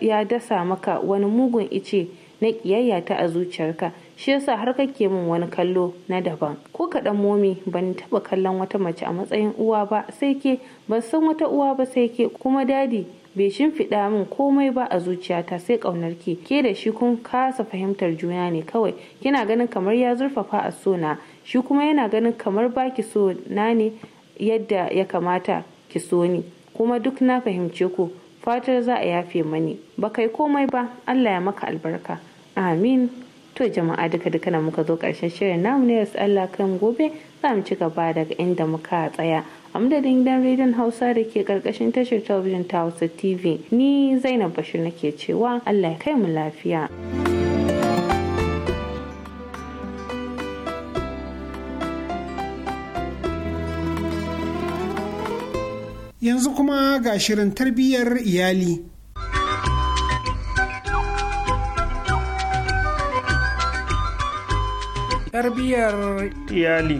ya dasa maka wani mugun ice na ƙiyayya ta a zuciyarka shi yasa har kake min wani kallo na daban ko kaɗan momi ban taɓa kallon wata mace a matsayin uwa ba sai ke ban san wata uwa ba sai ke kuma dadi bai shimfiɗa min komai ba a zuciyata sai ƙaunar ki ke da shi kun kasa fahimtar juna ne kawai kina ganin kamar ya zurfafa a sona shi kuma yana ganin kamar baki so na ne yadda ya kamata ki so ni kuma duk na fahimce ku fatar za a yafe mani ba kai komai ba allah ya maka albarka amin to jama'a duka duka na muka zo karshen shirin namu ne yasu allah kan gobe za mu ci gaba daga inda muka tsaya a madadin gidan rediyon hausa da ke karkashin tashar talabijin ta hausa tv ni zainab bashir nake cewa allah ya kai mu lafiya. yanzu kuma ga shirin tarbiyyar iyali tarbiyyar iyali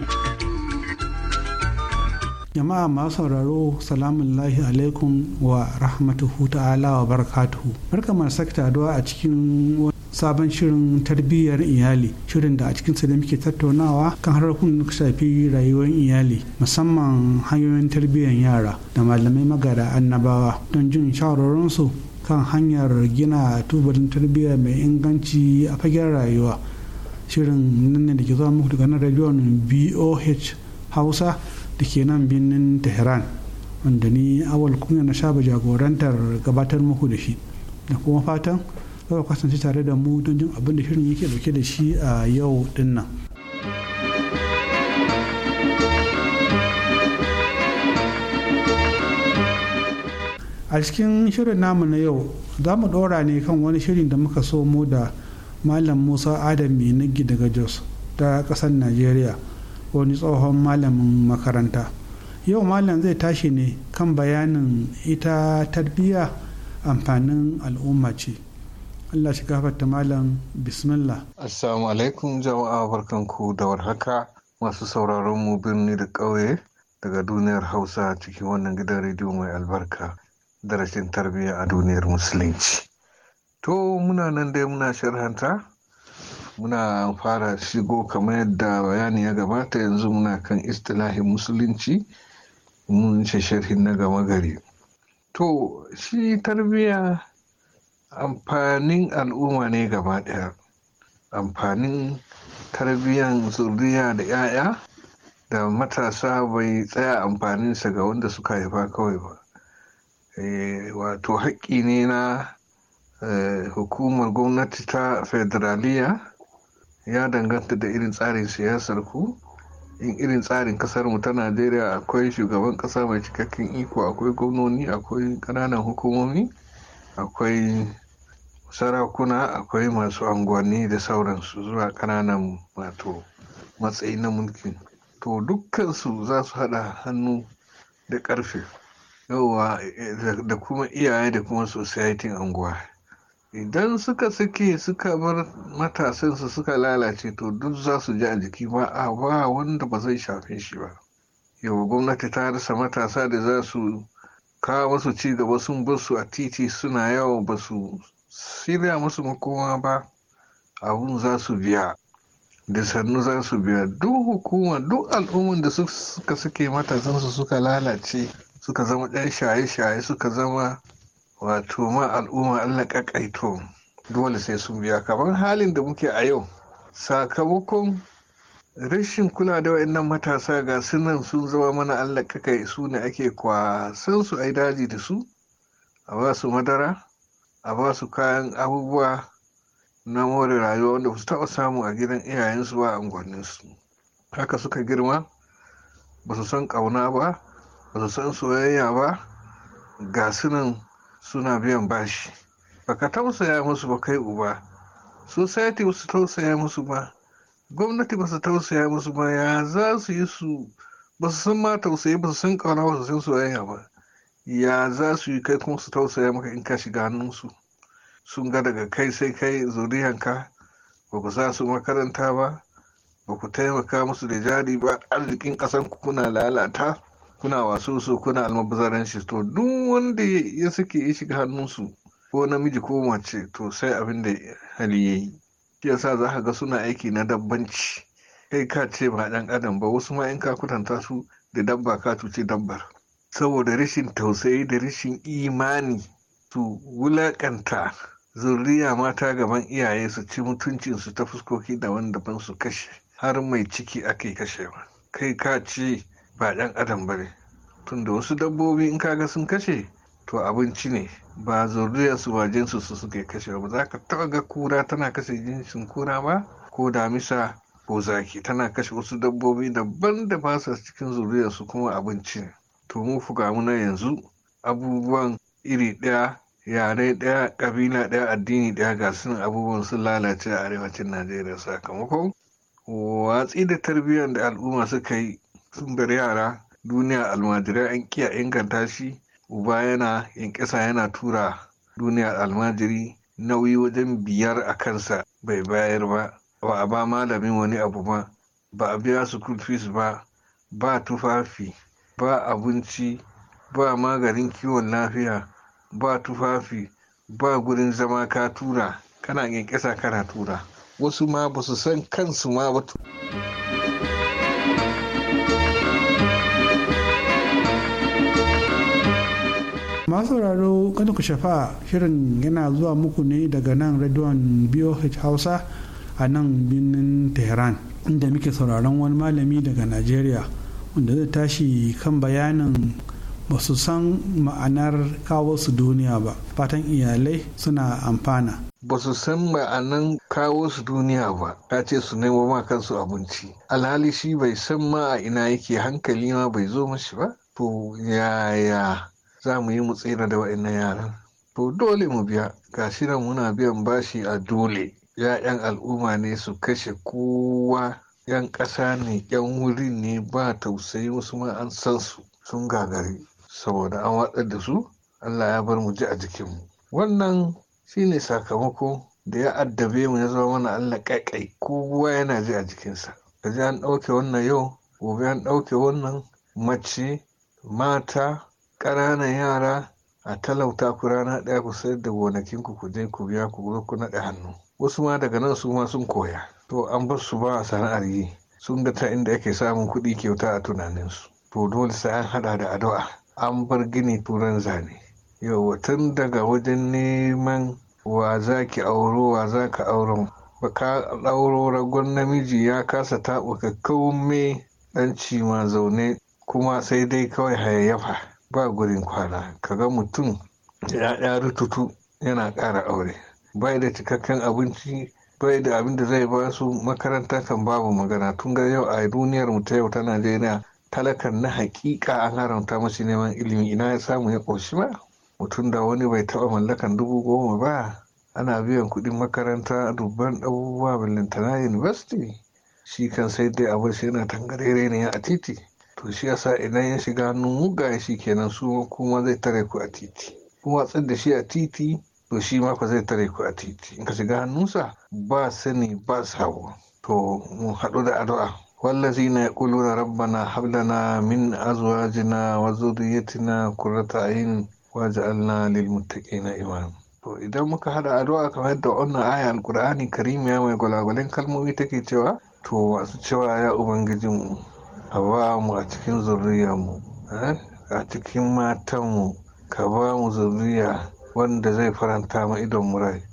jama'a masu sauraro salamun lahi alaikum wa rahmatuhu ta'ala wa barakatuhu barka masu sakta a cikin sabon shirin tarbiyyar iyali shirin da a cikin da muke tattaunawa kan harkokin da shafi rayuwar iyali musamman hanyoyin tarbiyyar yara da malamai magada annabawa don jin shawarorinsu kan hanyar gina tubalin tarbiyya mai inganci a fagen rayuwa shirin nan ne da ke zuwa muku daga nan rajon boh hausa da ke nan birnin tehran wanda ni awal kunya na shaba jagorantar gabatar muku da shi da kuma fatan kawai kwasance kasance tare da mu don jin abin da shirin yake dauke da shi a yau din a cikin shirin namu na yau za mu dora ne kan wani shirin da muka so mu da malam musa adam nigi daga jos ta ƙasar nigeria wani tsohon malamin makaranta yau malam zai tashi ne kan bayanin ita tarbiyya amfanin al'umma ce Allah shi gafarta malam bismillah assalamu alaikum jama'a barkanku da warhaka masu sauraron mu birni da ƙauye daga duniyar hausa cikin wannan gidan rediyo mai albarka da rashin tarbiyya a duniyar musulunci to muna nan dai muna sharhanta muna fara shigo kamar yadda bayani ya gabata yanzu muna kan istilahin musulunci mun sharhin na gama gari to shi tarbiyya amfanin al'umma ne gaba ɗaya amfanin tarbiyyar zuriya da 'ya'ya da matasa bai tsaya amfaninsa ga wanda suka haifa kawai ba eh, wato haƙƙi ne na eh, hukumar gwamnati ta federaliya ya danganta da irin tsarin siyasar ku in irin tsarin kasar mu ta najeriya akwai shugaban ƙasa mai cikakken iko akwai gwamnoni akwai ƙananan hukumomi akwai sarakuna akwai masu unguwanni da sauransu zuwa ƙananan wato matsayi na mulki to dukkansu za su haɗa hannu da ƙarfe yauwa da kuma iyaye da kuma society anguwa idan suka sake suka bar matasansu suka lalace to duk za su ji a jiki ba a ba wanda ba zai shafe shi ba yau gwamnati ta rasa matasa da za su kawo musu ci gaba sun basu a titi suna yawa ba su shirya musu makoma ba abun za su biya da sannu za su biya duk hukuma duk al'umman da suka suke su suka lalace suka zama ɗan shaye-shaye suka zama wato ma al'umma allah ƙaƙaito dole sai sun biya kamar halin da muke a yau sakamakon rashin kula da waɗannan matasa ga sunan sun zama mana allah kaka su ne ake kwasan su ai daji da su a ba su madara a ba su kayan abubuwa na more rayuwa wanda su taɓa samu a gidan iyayensu ba a unguwanninsu haka suka girma ba su san ƙauna ba ba su san soyayya ba ga sunan suna biyan bashi baka tausaya musu ba kai uba society su tausaya musu ba gwamnati ba su tausaya musu ba ya za su yi su ba su san ma tausayi ba su san kauna ba su san soyayya ba ya za su yi kai kuma su tausaya maka in ka shiga hannunsu sun ga daga kai sai kai zuriyanka ba ku sa su makaranta ba ba ku taimaka musu da jari ba arzikin ƙasan ku kuna lalata kuna wasu so kuna almabazaran shi to duk wanda ya suke ya shiga hannunsu ko namiji ko mace to sai abin da hali ya yi shi yasa za ka ga suna aiki na dabbanci kai ka ce ba ɗan adam ba wasu ma in ka kutanta su da dabba ka cuci dabbar saboda rashin tausayi da rashin imani su wulaƙanta zuriya mata gaban iyaye su ci mutuncin su ta fuskoki daban-daban su kashe har mai ciki ake kashewa kai ka ce ba ɗan adam ba ne tunda wasu dabbobi in ka ga sun kashe to abinci ne ba zurriyarsu ba jinsu su suke kashe ba za ka taɓa ga kura tana kashe jinsin kura ba ko damisa ko zaki tana kashe wasu dabbobi daban da ba sa cikin zurriyarsu kuma abinci ne to mu fuga muna yanzu abubuwan iri ɗaya yare ɗaya ƙabila ɗaya addini ɗaya ga sun abubuwan sun lalace a arewacin najeriya sakamakon watsi da tarbiyyar da al'umma suka yi sun yara duniya almajirai an kiya inganta shi uba yana yan ƙasa yana tura duniya almajiri nauyi wajen biyar a kansa bai bayar ba ba a ba malamin wani abu ba ba a biya su fees ba ba tufafi ba abinci ba maganin kiwon lafiya ba tufafi ba gurin zama ka tura kana ƙyanƙyasa kana tura wasu ma ba su san kansu ma ba masu sauraro kada ku shafa shirin yana zuwa muku ne daga nan radion boh hausa a nan birnin tehran inda muke sauraron wani malami daga najeriya wanda zai tashi kan bayanin ba su san ma'anar kawo su duniya ba fatan iyalai suna amfana ba su san ma'anar kawo su duniya ba ta ce su nemo ma kansu abinci alhali shi bai san ma a ina yake hankali ma bai zo mashi ba to yaya za mu yi mu tsira da waɗannan yaran to dole mu biya Ga shi nan muna biyan bashi a dole ya'yan al'umma ne su kashe kowa yan ƙasa ne yan wuri ne ba tausayi wasu ma an san su sun gagari saboda an watsar da su allah ya bar mu ji a jikinmu wannan shi ne sakamako da ya addabe mu ya zama mana allah ƙaiƙai kowa yana ji a jikinsa Ka ji an ɗauke wannan yau gobe an ɗauke wannan mace mata ƙananan yara a talauta ku rana ɗaya ku sayar da gonakinku ku je ku biya ku zo ku naɗa hannu wasu ma daga nan su ma sun koya to an bar su ba sana'ar yi sun ga ta inda ake samun kuɗi kyauta a tunaninsu to dole sai an haɗa da addu'a an bar gini turan zane yau tun daga wajen neman wa za ki auro wa za ka ba ka ɗauro ragon namiji ya kasa taɓuka kaume ɗan ma zaune kuma sai dai kawai hayayyafa ba gurin kwana ga mutum ya rututu yana ƙara aure bai da cikakken abinci bai da abin da zai ba su makaranta kan babu magana tun ga yau a duniyar mu ta yau ta najeriya talakan na hakika an haramta mashi neman ilimi ina ya samu ya ƙoshi ba mutum da wani bai taba mallakan dubu goma ba ana biyan kuɗin makaranta dubban abubuwa ballantana university shi kan sai dai a shi yana tangarere ne a titi to shi yasa idan ya shiga hannun mugaye shi kenan su kuma zai tare ku a titi Kuma watsar da shi a titi to shi ma fa zai tare ku a titi in ka shiga hannunsa ba sani ba sabo to mu haɗu da addu'a na والذين na ربنا هب لنا من ازواجنا وذريتنا قرة ayin واجعلنا na اماما to idan muka haɗa addu'a kamar yadda wannan aya alkur'ani karimiya mai gwalagwalen kalmomi take cewa to masu cewa ya ubangijin ka ba mu a cikin zuriyarmu eh? a cikin matan mu, ka ba mu zuriya wanda zai faranta ma idon murai,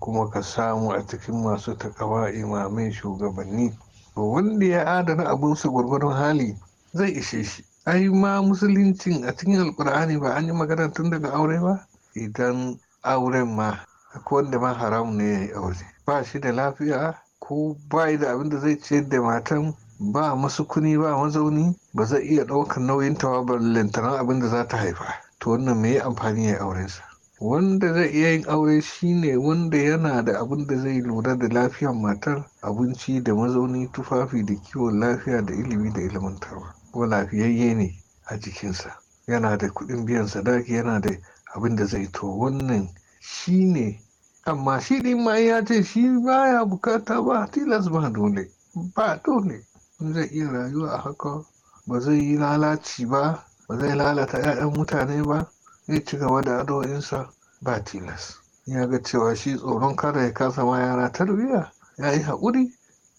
kuma ka samu a cikin masu takawa imamai shugabanni wanda ya adana abinsa gwargwadon hali zai ishe shi ai ma musuluncin a cikin alkur'ani ba an yi magana tun daga aure ba idan auren ma ko wanda ma haram ne ya yi aure ba shi da lafiya ko ba da abin da zai ciyar da matan ba masukuni ba mazauni ba zai iya ɗaukar nauyin tawabar ba lantaran abin da za ta haifa to wannan me amfani ya aurensa wanda zai iya yin aure shine wanda yana da abin da zai lura da lafiyar matar abinci da mazauni tufafi da kiwon lafiya da ilimi da ilimantarwa ko lafiyayye ne a jikinsa yana da kuɗin biyan sadaki yana da abin da zai to wannan shine amma shi ɗin ma ya ce shi baya bukata ba tilas ba dole ba dole in zai iya rayuwa a haka ba zai yi lalaci ba ba zai lalata 'ya'yan mutane ba zai ci gaba da ado'insa. ba tilas ya ga cewa shi tsoron kada ya kasa ma yara tarbiyya ya yi haƙuri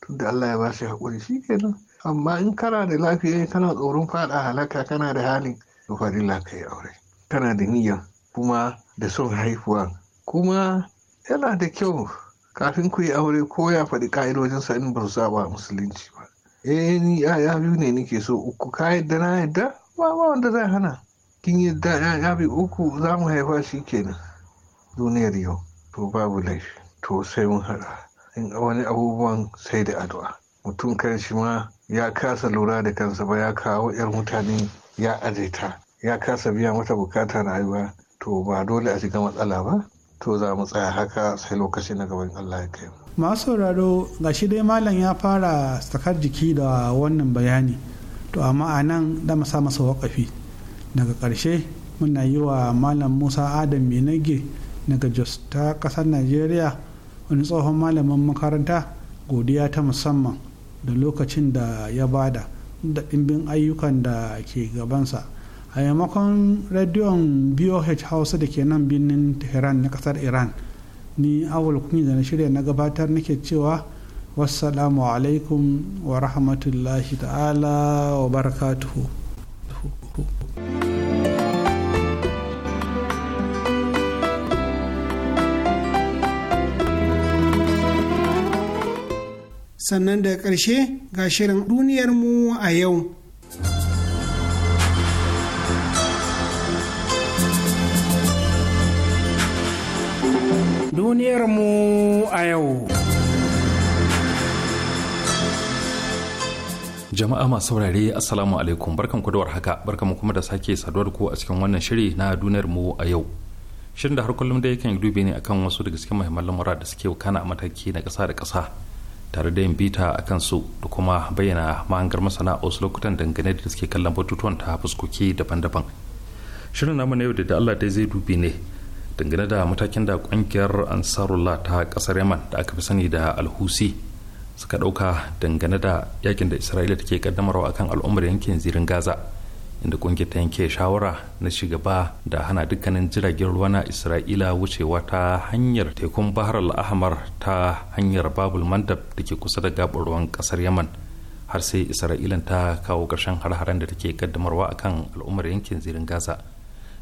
tunda Allah ya ba shi haƙuri shi kenan amma in kana da lafiya kana tsoron faɗa halaka kana da halin to fari ka aure kana da niyya kuma da son haihuwa kuma yana da kyau kafin ku yi aure ko ya faɗi ƙa'idojinsa in ba su saba musulunci eh ni ya'ya biyu ne nake so uku ka yadda na yadda ba ba wanda zai hana kin yadda ya'ya biyu uku za mu haifa shi kenan duniyar yau to babu laifi to sai mun haɗa in wani abubuwan sai da addu'a mutum kan shi ma ya kasa lura da kansa ba ya kawo yar mutane ya ajaita ya kasa biya mata bukata rayuwa to ba dole a shiga matsala ba to za mu tsaya haka sai lokaci na gaban Allah ya kai mu masu sauraro ga shi dai malam ya fara sakar jiki da wannan bayani to amma a nan da masa masa wakafi daga ƙarshe muna yi wa malam musa adam menage daga jos ta ƙasar nigeria wani tsohon malamin makaranta godiya ta musamman da lokacin da ya bada da ɗimbin ayyukan da ke gabansa a yamakon rediyon boh hausa da ke nan birnin tehran na ƙasar iran ni awal kunyi da na shirya na gabatar nake cewa wassalamu alaikum wa rahmatullahi ta'ala wa barakatuhu sannan da ƙarshe ga shirin duniyarmu a yau mu a yau. Jama'a masu saurare Assalamu alaikum barkan ku da warhaka barkan kuma da sake saduwar ku a cikin wannan shiri na duniyar mu a yau. Shirin da har kullum da yakan dube ne akan wasu daga cikin muhimman lamura da suke kana a mataki na ƙasa da ƙasa tare da yin bita a su da kuma bayyana mahangar masana a wasu lokutan dangane da suke kallon batutuwan ta fuskoki daban-daban. Shirin namu na yau da Allah dai zai dubi ne dangane da matakin da kungiyar ansarullah ta kasar yaman da aka fi sani da alhusi suka dauka dangane da yakin da isra'ila take kaddamarwa akan al'ummar yankin zirin gaza inda kungiyar ta yanke shawara na shigaba da hana dukkanin jiragen ruwa na isra'ila wucewa ta hanyar tekun bahar al'ahmar ta hanyar babul mandab da ke kusa da gabar ruwan kasar yaman har sai isra'ilan ta kawo ƙarshen har-haren da take kaddamarwa akan al'ummar yankin zirin gaza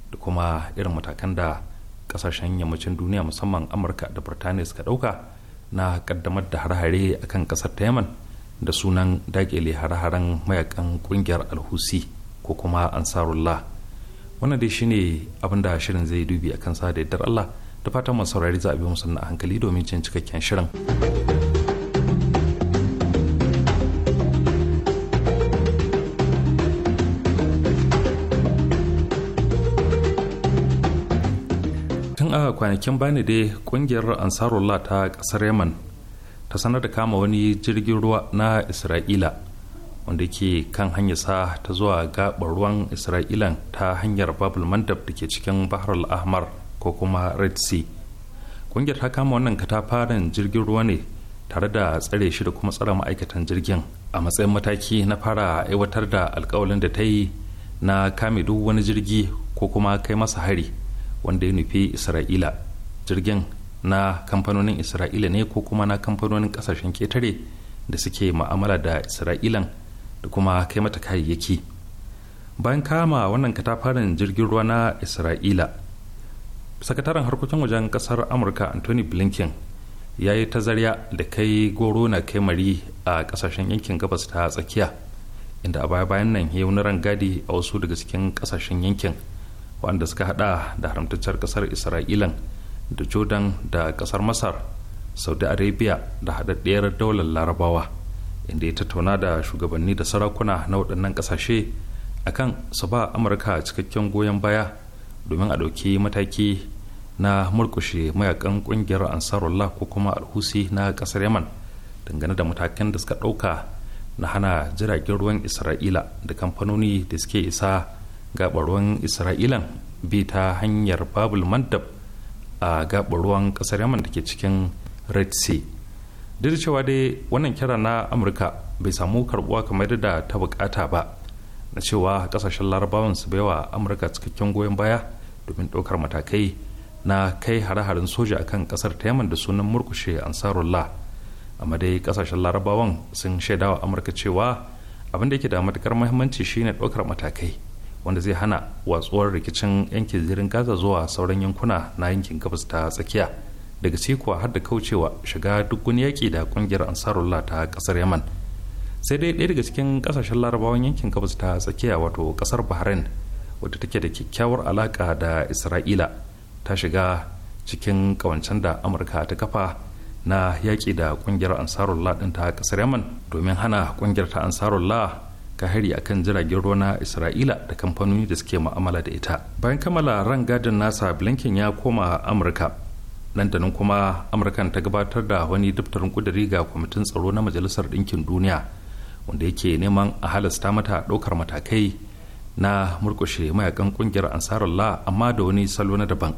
da kuma irin matakan da kasashen yammacin duniya musamman amurka da birtaniya suka dauka na kaddamar da hare-hare a kan kasar ta yaman da sunan dakile hare-haren mayakan kungiyar alhusi ko kuma ansarullah wannan dai shine abin da shirin zai dubi a sa da yardar allah da fatan masaurari za a bi musu a hankali domin cin cikakken shirin. kwanakin bani dai kungiyar ansarullah ta kasar yaman ta sanar da kama wani jirgin ruwa na isra'ila wanda ke kan hanyar sa ta zuwa gaɓar ruwan isra'ilan ta hanyar babul mandab da ke cikin bahar ahmar ko kuma red sea kungiyar ta kama wannan katafaren jirgin ruwa ne tare da tsare shi da kuma tsare ma'aikatan jirgin a matsayin mataki na fara aiwatar da alkawalin da ta yi na kame duk wani jirgi ko kuma kai masa hari wanda ya nufi isra'ila jirgin na kamfanonin isra'ila ne ko kuma na kamfanonin kasashen ketare da suke ma'amala da isra'ilan da kuma kai mata kayayyaki bayan kama wannan katafaren jirgin ruwa na isra'ila sakataren harkokin wajen kasar amurka anthony blinken ya yi tazarya da kai goro na kai mari a kasashen yankin gabas ta tsakiya inda a baya bayan nan ya wani rangadi a wasu daga cikin kasashen yankin waɗanda suka haɗa da haramtaccen ƙasar isra'ilan da jordan da ƙasar masar saudi arabia da haɗaɗɗiyar daular larabawa inda ya tattauna da shugabanni da sarakuna na waɗannan ƙasashe a kan su ba amurka cikakken goyon baya domin a ɗauki mataki na murkushe mayakan ƙungiyar ansarullah ko kuma alhusi na ƙasar yaman dangane da matakan da suka ɗauka na hana jiragen ruwan isra'ila da kamfanoni da suke isa gabaruwan ruwan isra'ilan bi ta hanyar babul mandab a gabaruwan kasar yaman da ke cikin red sea duk da cewa dai wannan kira na amurka bai samu karbuwa kamar da ta bukata ba na cewa kasashen larabawan su baiwa amurka cikakken goyon baya domin ɗaukar matakai na kai hare-haren soja akan kasar ta yaman da sunan murkushe ansarullah amma dai kasashen larabawan sun shaidawa amurka cewa abin da yake da matukar muhimmanci shine ɗaukar matakai wanda zai hana watsuwar rikicin yankin zirin gaza zuwa sauran yankuna na yankin gabas ta tsakiya daga kuwa har da kaucewa shiga duk wani yaƙi da ƙungiyar ansarullah ta ƙasar yaman sai dai ɗaya daga cikin ƙasashen larabawan yankin gabas ta tsakiya wato ƙasar bahrain wadda take da kyakkyawar alaƙa da isra'ila ta shiga cikin ƙawancen da amurka ta kafa na yaƙi da ƙungiyar ansarullah ɗin ta ƙasar yaman domin hana ƙungiyar ta ansarullah ka hari a kan jiragen ruwa na isra'ila da kamfanoni da suke ma'amala da ita bayan kammala ran gadin nasa blinken ya koma amurka nan da nan kuma amurkan ta gabatar da wani daftarin kudiri ga kwamitin tsaro na majalisar ɗinkin duniya wanda yake neman a halasta mata ɗaukar matakai na murkushe mayakan ƙungiyar ansarallah amma da wani salo na daban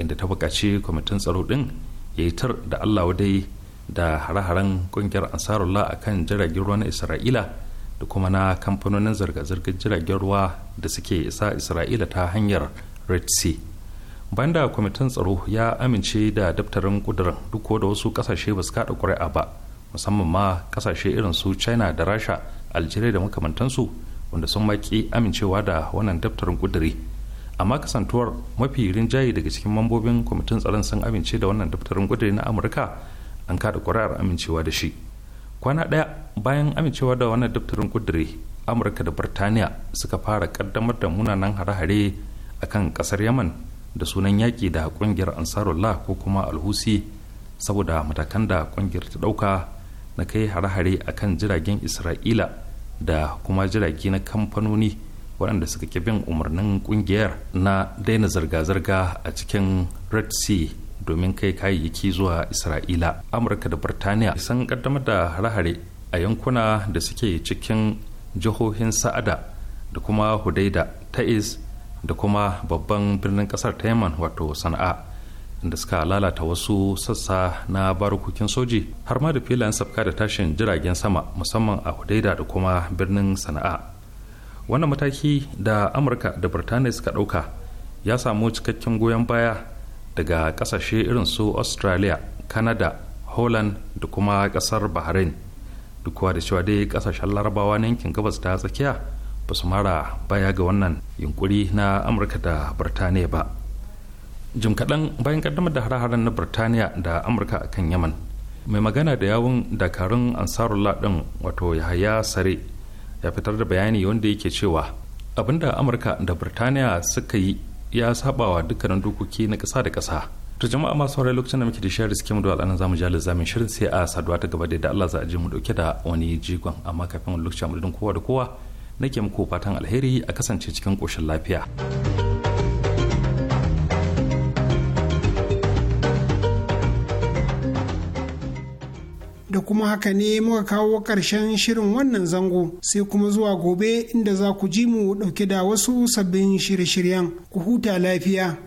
inda ta buƙaci kwamitin tsaro din ya yi tar da allah wadai da hare-haren ƙungiyar ansarallah a kan jiragen ruwa na isra'ila da kuma na kamfanonin zirga-zirgar jiragen ruwa da suke isa isra'ila ta hanyar red sea banda kwamitin tsaro ya amince da daftarin kudurin duk da wasu kasashe ba su kada ƙuri'a ba musamman ma kasashe irin su china da rasha algeria da makamantansu wanda sun maki amincewa da wannan daftarin kuduri amma kasantuwar mafi rinjaye daga cikin mambobin kwamitin tsaron sun amince da wannan daftarin kuduri na amurka an kada ƙuri'ar amincewa da shi kwana ɗaya bayan amincewa da wannan daftarin kudure amurka da birtaniya suka fara kaddamar da munanan hare-hare a kan ƙasar yaman da sunan yaƙi da ƙungiyar ansarullah ko kuma alhusi saboda matakan da ƙungiyar ta ɗauka na kai hare-hare a kan jiragen isra'ila da kuma jirage na kamfanoni waɗanda suka bin umarnin ƙungiyar na daina zirga-zirga a cikin red sea domin kai kayayyaki zuwa isra'ila amurka da birtaniya sun kaddamar da harare a yankuna da suke cikin jihohin sa'ada da kuma hudaida ta'iz da kuma babban birnin kasar taiman wato sana'a da suka lalata wasu sassa na barukukin soji har ma da filayen sabka da tashin jiragen sama musamman a hudaida da kuma birnin sana'a wannan mataki da amurka da birtaniya suka ɗauka ya samu cikakken goyon baya daga kasashe irin su australia canada holland da kuma kasar bahrain duk da cewa dai kasashen larabawa na yankin gabas ta tsakiya ba su mara baya ga wannan yunkuri na amurka da birtaniya ba jim kaɗan bayan kaddamar da hare-haren na birtaniya da amurka a kan yaman mai magana da yawun dakarun ansarullah ɗin wato yahaya sare ya fitar da bayani wanda yake cewa abinda amurka da birtaniya suka yi ya sabawa dukkanin dokoki na kasa da kasa to jama'a masu saurari lokacin da muke da shirin skim da al'anan zamu jali zamin shirin sai a saduwa ta gaba da Allah za a je mu dauke da wani jigon amma kafin wani lokacin mu kowa da kowa nake muku fatan alheri a kasance cikin koshin lafiya. da kuma haka ne muka kawo ƙarshen shirin wannan zango sai kuma zuwa gobe inda za ku ji mu ɗauke da wasu sabbin shirye-shiryen ku huta lafiya